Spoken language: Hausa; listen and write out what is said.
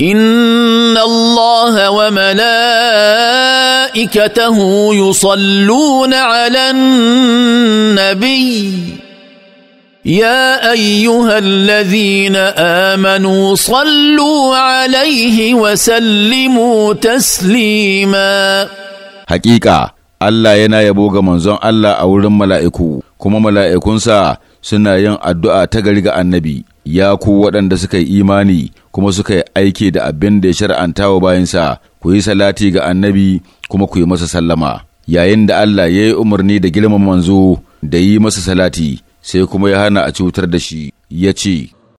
ان الله وملائكته يصلون على النبي يا ايها الذين امنوا صلوا عليه وسلموا تسليما حقيقه الله yana yabo ga manzon Allah a wurin mala'iku kuma mala'ikunsa suna yin addu'a ta gari ga annabi ya ku waɗanda suka yi imani kuma suka yi aiki da abin da ya shar'anta wa bayansa ku yi salati ga annabi kuma ku yi masa sallama yayin da Allah ya yi umarni da girmama manzo da yi masa salati sai kuma ya hana a cutar da shi ya ce